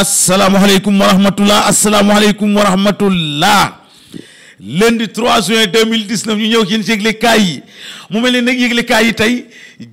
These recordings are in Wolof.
asalaamaaleykum wa rahmatullah asalaamaaleykum wa rahmatullah lundi 3 juin 2019 ñu ñëw ci yéen yëglekaay yi mu mel ni nag yëglekaay yi tey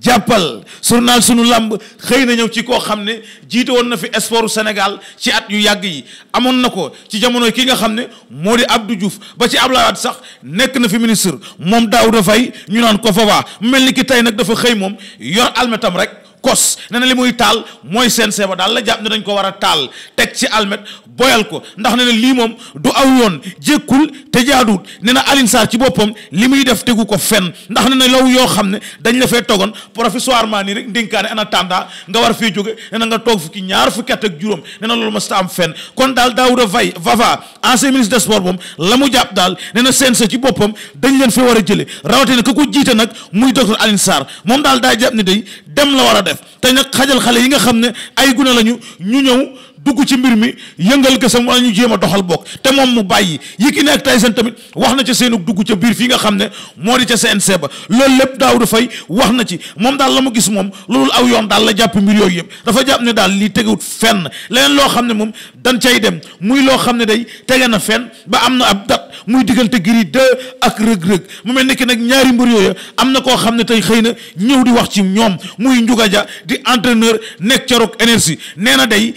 jàppal journal sunu làmb xëy na ñëw ci koo xam ne jiite woon na fi sportu Sénégal ci at yu yàgg yi amoon na ko ci jamono kii nga xam ne moo di abdu Diouf ba ci Abdoulaye Wade sax nekk na fi ministre moom Daouda Faye ñu naan ko fa waa mel ni ki tey nag dafa xëy moom yor almetam rek. kos nee na li muy taal mooy seen seeba daal la jàpp ne dañ ko war a taal teg ci almet boyal ko ndax ne na lii moom du aw yoon jékkul te jaaduwut ne na Alioune ci boppam li muy def tegu ko fenn ndax ne law yoo xam ne dañ la fee togoon professoirement nii rek ndénkaane ana tànda nga war fee jóge na nga toog fukki ñaar fukki at ak juróom ne na loolu mas ta am fenn kon daal Daouda Faye Vafa ancien ministre des moom la mu jàpp daal ne na CNG ci boppam dañ leen fee war a jële rawatina ka ko jiite nag muy docteur Alioune moom daal daa jàpp ne day dem la war a def te nag xajal xale yi nga xam ne ay gune lañu ñu ñëw dugg ci mbir mi yëngal ko sam wala ñu jéem a doxal bokk te moom mu bàyyi Yékini ak Tyson tamit wax na ca seenu dugg ca biir fii nga xam ne moo di ca CNG ba loolu lépp Daouda Faye wax na ci moom daal la mu gis moom loolu aw yoon daal la jàpp mbir yooyu yëpp dafa jàpp ne daal lii tegewut fenn leneen loo xam ne moom dan cay dem muy loo xam ne day tege na fenn ba am na ab date muy diggante Gris 2 ak rëg-rëg mu mel ni ki nag ñaari mbër yooyu am na koo xam ne tey xëy na ñëw di wax ci ñoom muy Ndiouga Dia di entraîneur nekk ca Rock Énergie nee na day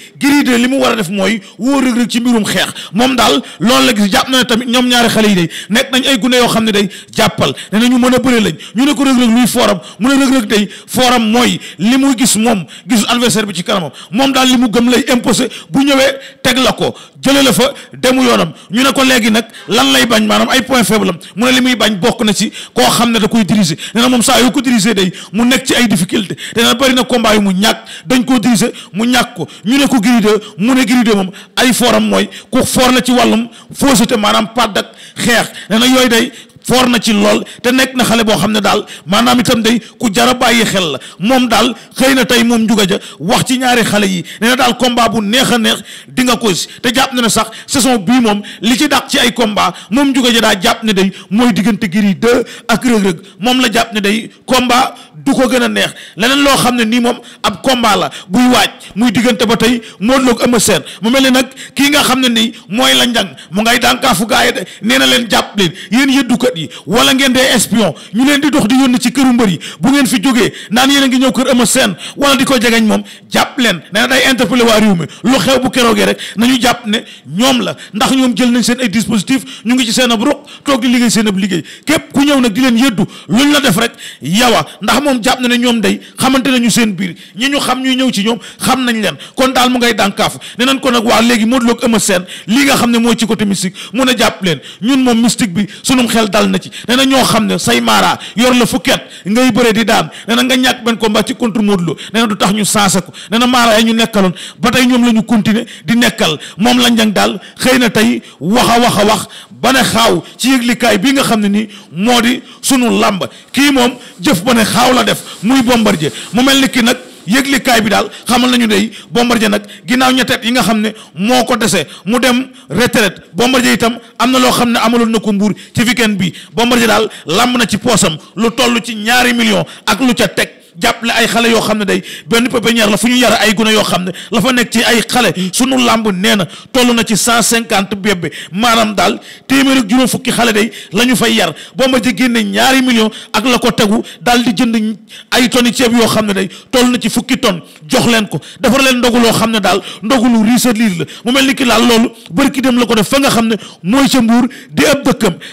li mu war a def mooy woo Reug Reug ci mbirum xeex moom daal loolu la gis jàpp na ne tamit ñoom ñaari xale yi day nekk nañ ay gune yoo xam ne day jàppal ne nañu mën a bëre lañ ñu ne ko Reug Reug luy fooram mu ne Reug Reug day fooram mooy li muy gis moom gisul adversaire bi ci kanamam moom daal li mu gëm lay imposé bu ñëwee teg la ko jële la fa demu yoonam ñu ne ko léegi nag lan lay bañ maanaam ay point faible am mu ne li muy bañ bokk na ci koo xam ne da koy diriger nee na moom saa yu ko diriger mu nekk ci ay difficulté te na na combat yu mu ñàkk dañ koo diriger mu ñàkk ko mu ne Gris 2 moom ay fooram mooy ku foor la ci wàllum fausseté maanaam pàdd ak xeex nee na yooyu day foor na ci lool te nekk na xale boo xam ne daal maanaam itam day ku jara bàyyi xel la moom daal xëy na tey moom njuga ja wax ci ñaari xale yi nee na daal combat bu neex a neex di nga ko si te jàpp na ne sax saison bii moom li ci dàq ci ay combat moom njuga ja daa jàpp ne day mooy diggante Gris 2 ak Reug Reug moom la jàpp ne day combat du ko gën a neex leneen loo xam ne nii moom ab combat la buy waaj muy diggante ba tey Modou Lo ak Eumeu Sène mu mel ni nag kii nga xam ne nii mooy la njang mu ngay dànkaafu gaa yi de nee na leen jàpp leen yéen yëddukat yi wala ngeen dee espion ñu leen di dox di yónni ci këru mbër yi bu ngeen fi jógee naan yéen a ngi ñëw kër Eumeu Sène wala di ko jegeñ moom jàpp jàpp leen nee na day interpellé waa réew mi lu xew bu keroogee rek nañu jàpp ne ñoom la ndax ñoom jël nañ seen ay dispositif ñu ngi ci seen ab ruq toog liggéey seen ab liggéey képp ku ñëw nag di leen yëddu luñ la def rek yawa ndax moom jàpp ne ñoom day xamante nañu seen biir ñi ñu xam ñuy ñëw ci ñoom xam nañ leen kon daal mu ngay dànkaafu ne ko nag waa léegi Modou Lo ak Eumeu lii nga xam ne mooy ci côté mystique mun a jàpp leen ñun moom mystique la fukket ngay bëre di daan nee na nga ñàkk benn combat ci contre Modou Lo nee na du tax ñu saase ko maara ñu nekkaloon ba tey ñoom la ñu continuer di nekkal moom lañ njang daal xëy na tey wax a wax a wax ba ne xaaw ci yëglikaay bii nga xam ne nii moo di sunu làmb kii moom jëf ba ne xaaw la def muy bombarje mu mel ni kii nag yëglikaay bi daal xamal nañu dey Bombardier nag ginnaaw ñetteet yi nga xam ne moo ko dese mu dem retraite Bombardier itam am na loo xam ne amaloon na ko mbuur ci weekend bi Bombardier daal làmb na ci poosam lu toll ci ñaari million ak lu jàppale ay xale yoo xam ne day benn pépinière la fu ñu yar ay gune yoo xam ne la fa nekk ci ay xale sunu làmb nee na toll na ci cent cinquante bébé maanaam daal téeméer ak juróom fukki xale day la ñu fay yar boo ma ji génne ñaari million ak la ko tegu daal di jënd ay tonni ceeb yoo xam ne day toll na ci fukki tonn jox leen ko defar leen ndogu loo xam ne daal ndogu lu riis liir la mu mel ni ki laal loolu bari ki dem la ko def fa nga xam ne mooy ca mbuur di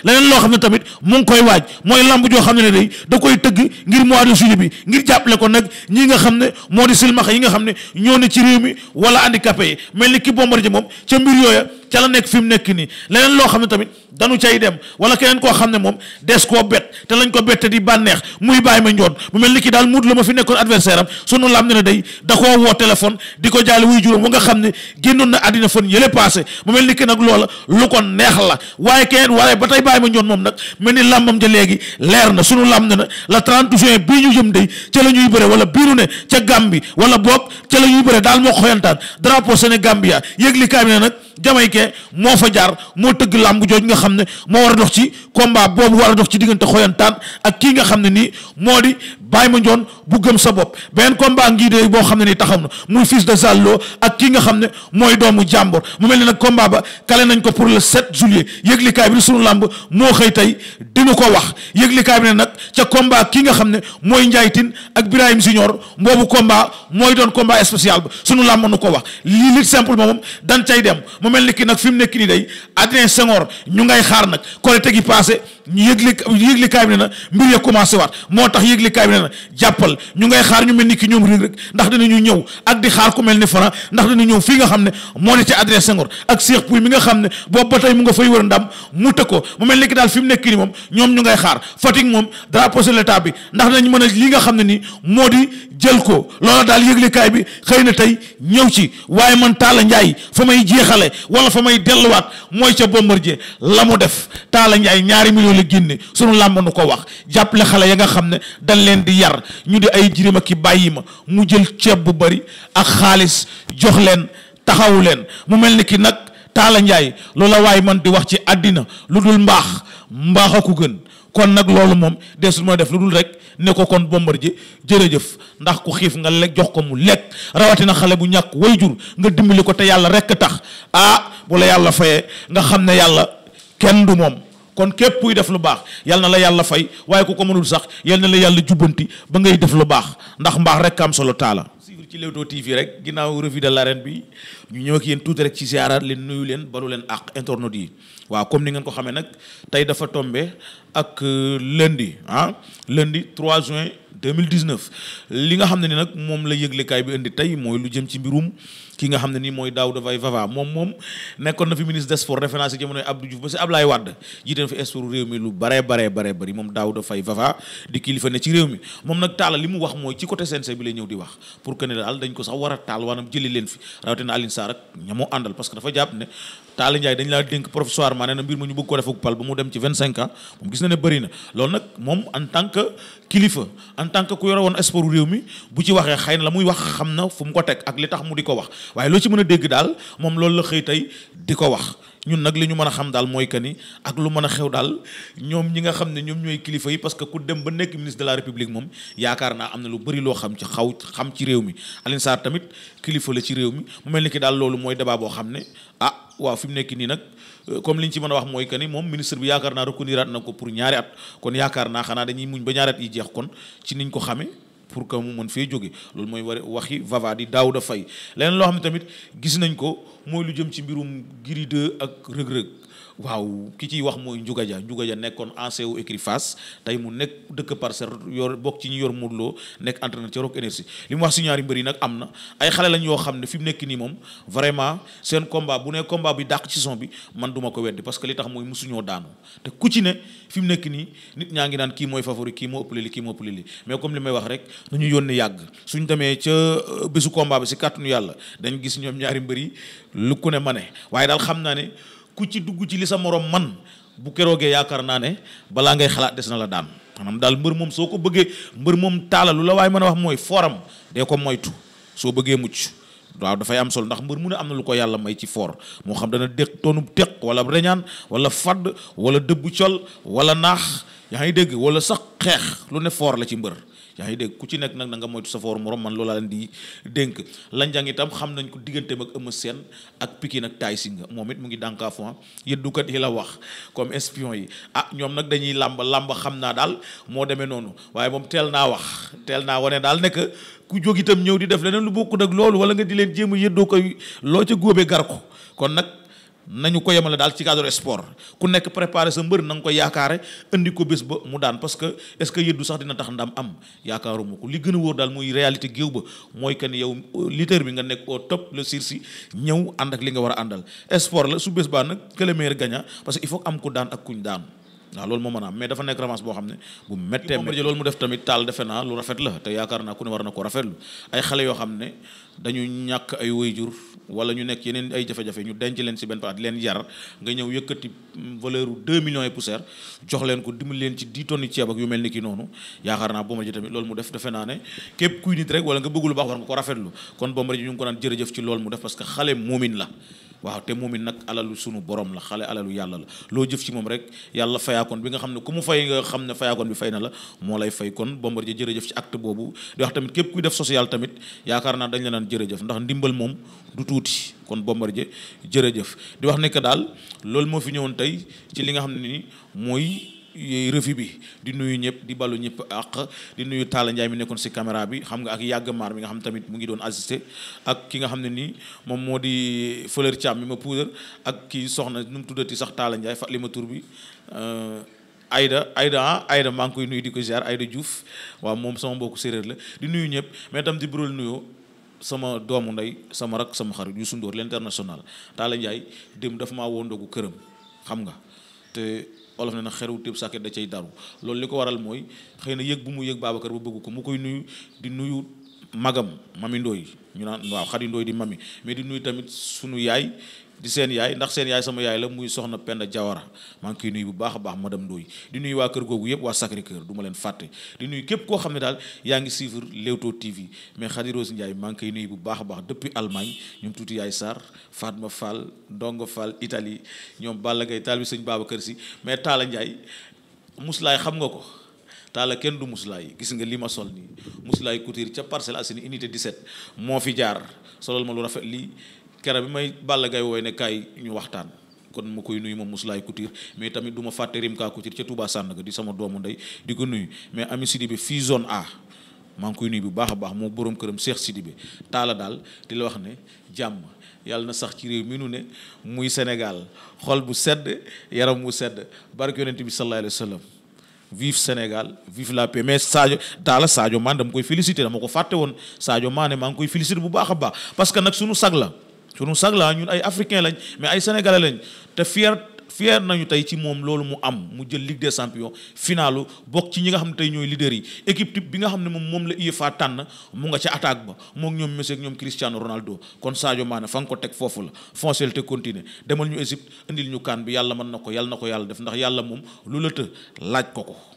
leneen loo xam ne tamit mu ngi koy waaj mooy làmb joo xam ne day da koy tëgg ngir mois de bi jàppale ko nag ñi nga xam ne moo di silmaxa yi nga xam ne ñoo ne ci réew mi wala handicapé yi mel ni kii ki Bombardier moom ca mbir yooya ca la nekk fi mu nekk nii leneen loo xam ne tamit danu cay dem wala keneen koo xam ne moom des koo bet te lañ ko bette di bànneex muy bàyyi ma njoon mu mel ni ki daal muut la ma fi nekkoon adversaire am sunu lam ne ne da koo woo téléphone di ko jaale wuy juróom ba nga xam ne génnoon na àddina fan yële passé mu mel ni ki nag loola lu ko neex la waaye keneen waaye ba bàyyi ma njoon moom nag mel ni làmbam ja léegi leer na sunu lam na la 30 juin bii ñu jëm day ca la ñuy la ñuy bëre daal moo ko xoyantaan drapeau Sénégambia yëg li kaay bi ne nag Jamaïque moo fa jaar moo tëgg làmb jooju nga xam ne moo wa a dox ci combat boobu war a melentaan ak kii nga xam ne nii moo di Baye Mandione bu gëm sa bopp beneen combat ngii de boo xam ne nii taxaw na muy fils de Zallo ak kii nga xam ne mooy doomu jàmbor ko pour le 7 juillet yëglikaay bi sunu làmb moo xëy tey dinu ko wax yëglikaay bi ne nag ca combat kii nga xam ne mooy njaaytin ak Birahim Junior mboobu combat mooy doon combat spécial ba sunu làmb nu ko wax lii lit simple moom dan cay dem mu mel ni ki nag fi mu nekk nii day Adrien Senghor ñu ngay xaar nag Korité gi passé kaay bi ne na mbir ya commencé waat moo tax yëgle kaay bi ne na jàppal ñu ngay xaar ñu mel ni ki ñoom rek ndax dinañu ñëw ak di xaar ku mel ni Franc ndax dina ñëw fii nga xam ne moo ne ci adresse xam ne boobu ba tey mu nga fay wër ndam mu tëg ko mu daal fi mu nekk ni moom ñoom ñu ngay xaar Fatick moom drapeau de l'état bi ndax dinañ mën a li nga xam ne ni moo di jël ko loola daal yëgle kaay bi xëy na tey ñëw ci waaye man Talla Ndiaye fa may jeexale wala fa may dell waat mooy ca Bombardier la mu def Talla Ndiaye ñaari millions la génne sunu làmb mënu ko wax jàppale xale ya nga xam ne dañ leen di yar ñu di ay jirima ki bàyyi ma mu jël ceeb bu bari ak xaalis jox leen taxaw leen mu mel ni ki nag Taala Njaay loola waay man di wax ci àddina lu dul mbaax mbaaxa ko gën kon nag loolu moom desul ma def lu dul rekk ne ko kon Bombardier jërëjëf ndax ku xiif nga lekk jox ko mu lekk rawatina xale bu ñàkk wayjur nga dimbali ko te yàlla rekk tax ah bu la yàlla fayee nga xam ne yàlla kenn du moom kon képp kuy def lu baax yal na la yàlla fay waaye ku ko mënul sax yal na la yàlla jubbanti ba ngay def lu baax ndax mbaax rek am solo taala suivre ci Leewtoo TV rek ginnaaw revue de l'arène bi ñu ñëw ak yéen tuuti rek ci ziara leen nuyu leen balu leen ak internautes yi waaw comme ni ngeen ko xamee nag tey dafa tombé ak euh, lundi ah lundi 3 juin 2019 li nga xam ne ni nag moom la yëglekaay bi indi tey mooy lu jëm ci mbirum ki nga xam ne nii mooy Daouda Faye Vafa moom moom nekkoon na fi ministre des sports référence ci jamonoy Abdou Diouf ba si Ablaye Wade jiite na fi sport réew mi lu bare bare bare bëri moom Daouda Faye Vafa di kilifa ne ci réew mi moom nag taala li mu wax mooy ci côté CNG bi lay ñëw di wax pour que ne daal dañ ko sax war a taal waanam jëli leen fi rawatina Alioune Sarr ak ña mu àndal parce que dafa jàpp ne Talla Ndiaye dañ laa dénk professeur maa nee mbir mu ñu bëgg ko def ak pal ba mu dem ci vingt cinq ans moom gis na ne bëri loolu nag moom en tant que kilifa en tant que ku yore woon sport réew mi bu ci waxee xëy na la muy wax xam na fu mu ko teg ak li tax mu di ko wax waaye loo ci mën a dégg daal moom loolu la xëy tey di ko wax ñun nag li ñu mën a xam daal mooy que ni ak lu mën a xew daal ñoom ñi nga xam ne ñoom ñooy kilifa yi parce que ku dem ba nekk ministre de la république moom yaakaar naa am na lu bëri loo xam ci xaw xam ci réew mi Alioune Sarr tamit kilifa la ci réew mi mu mel ni ki daal loolu mooy débat boo xam ne ah waaw fi mu nekk nii nag euh, comme li ci mën a wax mooy que ni moom ministre bi yaakaar naa reconduiraat na ko pour ñaari at kon yaakaar naa xanaa dañuy muñ ba ñaari at yi jeex kon ci niñ ko xamee pour que mu mën fee jóge loolu mooy war waxi vava di Daouda fay leneen loo xam ne tamit gis nañ ko mooy lu jëm ci mbirum Gris 2 ak Reug Reug waaw ki ciy wax mooy Ndiouga Dia Ndiouga Dia nekkoon ancien wu écurie Fass tey mu nekk dëkk Parcelles yor bokk ci ñu yor Modou Lo nekk entraîneur ci Rock Énergie li mu wax si ñaari mbër yi nag am na ay xale lañ yoo xam ne fi mu nekk nii moom vraiment seen combat bu ne combat bi saison bi man duma ko weddi parce que li tax mooy musuñoo daanu te ku ci ne fi mu nii nit ñaa ngi naan kii mooy favori kii moo ëppale li kii moo ëppale li mais comme li may wax rek nañu yónni yàgg suñ demee ca euh, bésu combat bi si kàttanu yàlla dañ gis ñoom ñaari mbër yi lu ku ne ma ne waaye daal xam naa ne ku ci dugg ci li sa moroom man bu keroogee yaakaar naa ne balaa ngay xalaat des na la daan maanaam daal mbër moom soo ko bëggee mbër moom taala lu la waaye mën a wax mooy fooram dee ko moytu soo bëggee mucc waaw dafay am solo ndax mbër mu ne am na lu ko yàlla may ci foor moo xam dana déq toonub teq wala reñaan wala fadd wala dëbbu col wala naax yaa ngi dégg wala sax xeex lu ne foor la ci mbër yaa ngi dégg ku ci nekk nag na nga moytu sa foor morom man loolaa leen di dénk lanjang itam xam nañ ko digganteem ak Eumeu seen ak Pikine ak si nga moom it mu ngi dànkaafon ah. yëddukat yi la wax comme espion yi ah ñoom nag dañuy làmb làmb xam naa daal moo demee noonu waaye moom teel naa wax teel naa wane daal nekk ku jóg itam ñëw di def leneen lu bokk nag loolu wala nga di leen jéema a yëddoo koy loo ca góobee gar ko kon nag nañu ko yemale daal ci cadre sport ku nekk préparé sa mbër na nga ko yaakaare indi ko bés ba mu daan parce que est ce que yëddu sax dina tax ndam am yaakaaruma ko li gën a wóor daal muy réalité géew ba mooy que ni yow lutteur bi nga nekk au top le sursis ñëw ànd ak li nga war a àndal sport la su bés baa nag que le meilleur gagne parce que il faut am ku daan ak kuñ daan waaw loolu moo mën a am mais dafa nekk revanche boo xam ne bu méttee Bombardier loolu mu def tamit taal defe naa lu rafet la te yaakaar naa ku ne war na ko rafetlu ay xale yoo xam ne dañu ñàkk ay waajur wala ñu nekk yeneen ay jafe-jafe ñu denc leen si benn place di leen yar nga ñëw yëkkati valeur u deux millions et poussière jox leen ko dimbali leen ci dix tonnes yi ceeb mel ni ki noonu yaakaar naa Bombardier tamit loolu mu def defe naa ne képp kuy nit rek wala nga bëgg lu baax war nga ko rafetlu kon Bombardier ñu ngi naan jërëjëf ci loolu mu def parce que xale moomin la waaw te moomin nag alalu sunu borom la xale alalu yàlla la loo kon bi nga xam ne ku mu fay nga xam ne fayaakoon bi fay na la moo lay fay kon Bombardier jërëjëf ci acte boobu di wax tamit képp kuy def social tamit yaakaar naa dañ la naan jërëjëf ndax ndimbal moom du tuuti kon Bombardier jërëjëf di wax nekk daal loolu moo fi ñëwoon tey ci li nga xam ne ni mooy revue bi di nuyu ñëpp di balu ñëpp ak di nuyu Talla Ndiaye mi nekkoon si caméra bi xam nga ak yàgg maar mi nga xam tamit mu ngi doon assisté ak ki nga xam ne nii moom moo di Fleur Thiam mi ma puudar ak kii soxna nu mu tuddati sax Talla Ndiaye fàttali ma tur bi euh, ayda ayda ah Aïda maa ngi koy nuyu di ko ziar Aïda Diouf waaw moom sama mbokk séeréer la di nuyu ñëpp mais tam di bural nuyoo sama doomu ndey sama rak sama xar Youssou Ndour l'international Talla Ndiaye dem dafa maa woo ndogu këram xam nga olof ne na xeru téb sàkket da cay daru loolu li ko waral mooy xëy na yëg bu mu yëg Babacar ba bëggu ko mu koy nuyu di nuyu magam mami Ndoye ñu naan waaw Khady Ndoye di mami mais di nuyu tamit suñu yaay di seen yaay ndax seen yaay sama yaay la muy soxna Penda Diawara maa ngi koy bu baax a baax madame Ndoye di nuyu waa kër googu yëpp waa Sacré Cœur du ma leen fàtte di nuyu képp koo xam ne daal yaa ngi suivre Leewtoo TV mais Khady Rose Ndiaye maa ngi koy bu baax a baax depuis Allemagne ñoom tuuti yaay Sarr Fatma Fall Ndongo Fall Italie ñoom Balla Gaye taal bi sëñ kër Si mais Talla Ndiaye muslaay xam nga ko taala kenn du muslaay gis nga li ma sol nii muslaay couture ca Parcelles Assainies unité di set moo fi jaar solal ma lu rafet lii kera bi may Balla Gaye wooy ne kaay ñu waxtaan kon ma koy nuyu moom muslaay couture mais tamit du ma fàtte Rimka couture ca sànn Sandaga di sama doomu ndey di ko nuyu mais ami sidi bi fii zone A maa ngi koy nuyu bu baax a baax moo borom këram Cheikh Sidi bi taala daal di la wax ne jàmm yàlla na sax ci réew mi nu ne muy Sénégal xol bu sedd yaram bu sedd barke yonent bi sallallahu alayhi vive Sénégal vive la paix mais Sadio daala Sadio Mané dama koy féliciter dama ko fàtte woon Sadio Mané maa ngi koy féliciter bu baax a baax parce que nag sunu sag la sunu sag la ñun ay africain lañ mais ay sénégalais lañ te fier fier nañu tey ci moom loolu mu am mu jël Ligue des champions finalu bokk ci ñi nga xam ne tey ñooy leader yi équipe type bi nga xam ne moom moom la UEFA tànn mu nga ca attaque ba mook ñoom Messi ak ñoom Cristiano Ronaldo kon Sadio Mané fa nga ko teg foofu la foncel te demal ñu Égypte indil ñu kaan bi yàlla mën na ko yàlla na ko yàlla def ndax yàlla moom lu la laaj ko ko